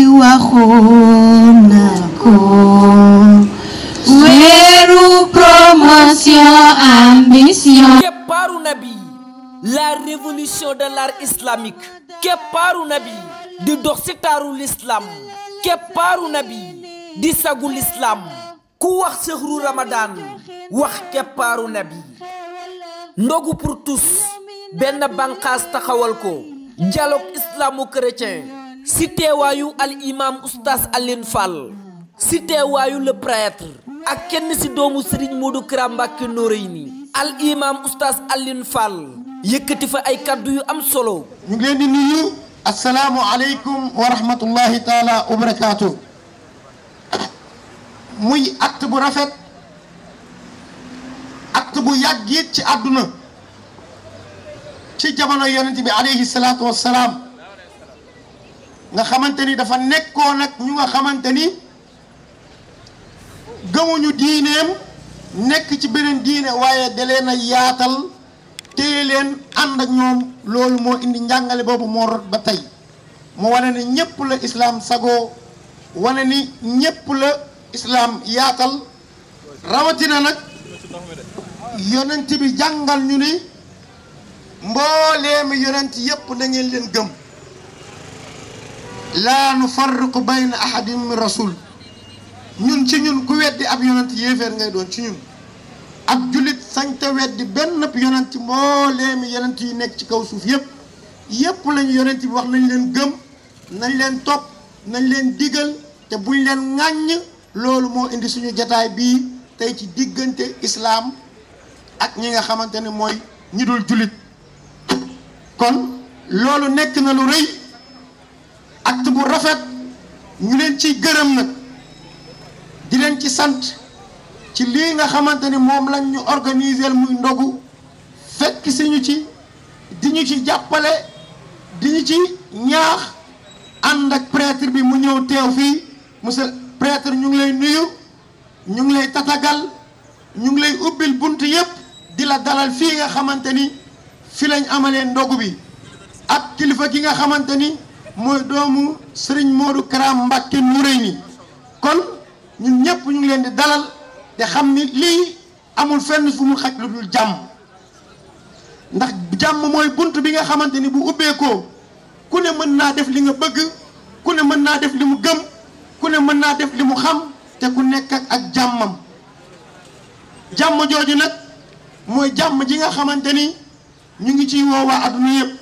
wahunakum Weru promotion ambition Keparu Nabi La révolution de l'art islamique Keparu Nabi Di doxitaru l'islam Keparu Nabi Di sagu l'islam Ku wax sehru ramadan Wax keparu Nabi Ndogu pour tous Ben bankas taxawal ko dialogue islamo-chrétien si teewaayu al imam oustaz Alioune Fall si teewaayu le ak kenn si doomu Serigne Modou Kara Mbacké Noreyni al imam oustaz Alioune Fall yëkkati fa ay kàddu yu am solo. ñu ngi leen di nuyu. asalaamualeykum wa rahmatullahi taala wa barakaatu. muy acte bu rafet acte bu yàgg it ci àdduna ci jamono yonent bi alayhi salaatu wa salaam nga xamante ni dafa nekkoon nag ñu nga xamante ni gëmuñu diineem nekk ci beneen diine waaye da na yaatal téye leen ànd ak ñoom loolu moo indi njàngale boobu moo rot ba tey mu wane ni ñépp la islaam sagoo wane ni ñépp la islaam yaatal rawatina nag yonent bi jàngal ñu ni mbooleemi yonent yépp na ngeen leen gëm laa nu farriqu bayna ahadin min rasul ñun ci ñun ku weddi ab yonent yéeféer ngay doon ci ñun ab jullit sañte weddi benn yonent mbooleemi yonent yu nekk ci kaw suuf yépp yépp lañu yonent bi wax nañ leen gëm nañ leen topp nañ leen digal te buñ leen ŋàññ loolu moo indi suñu jataay bii tey ci diggante islaam ak ñi nga xamante ne mooy ñu dul jullit kon loolu nekk na lu rëy acte bu rafet ñu leen ci gërëm na di leen ci sant ci lii nga xamante ni moom lañ ñu organiser muy ndogu fekk si ñu ci di ñu ci jàppale di ñu ci ñaax ànd ak prêtre bi mu ñëw teew fii set prêtre ñu ngi lay nuyu ñu ngi lay tatagal ñu ngi lay ubbil bunt yépp di la dalal fii nga xamante ni fi lañ amalee ndogu bi ak kilifa gi nga xamante ni mooy doomu Serigne Modou Kara Mbacké Noreyni kon ñun ñëpp ñu ngi leen di dalal te xam ni lii amul fenn fu mu xaj lu dul jàmm ndax jàmm mooy bunt bi nga xamante ni bu ubbeekoo ku ne mën naa def li nga bëgg ku ne mën naa def li mu gëm ku ne mën naa def li mu xam te ku nekk ak jàmmam jàmm jooju nag mooy jàmm ji nga xamante ni ñu ngi ciy woowaa adduna yëpp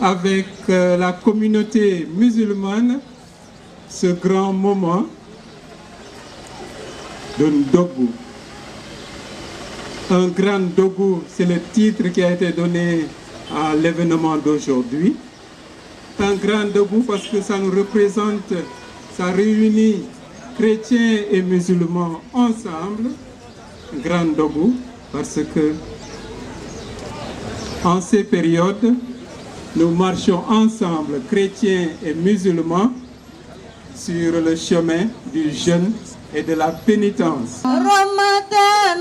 avec euh, la communauté musulmane ce grand moment de Dogou. Un grand Dogou, c'est le titre qui a été donné à l'événement d'aujourd'hui. Un grand Ndogou parce que ça nous représente, ça réunit chrétiens et musulmans ensemble. Un grand Dogou parce que en ces périodes, nous marchons ensemble, chrétiens et musulmans, sur le chemin du jeûne et de la pénitence. Ramadan,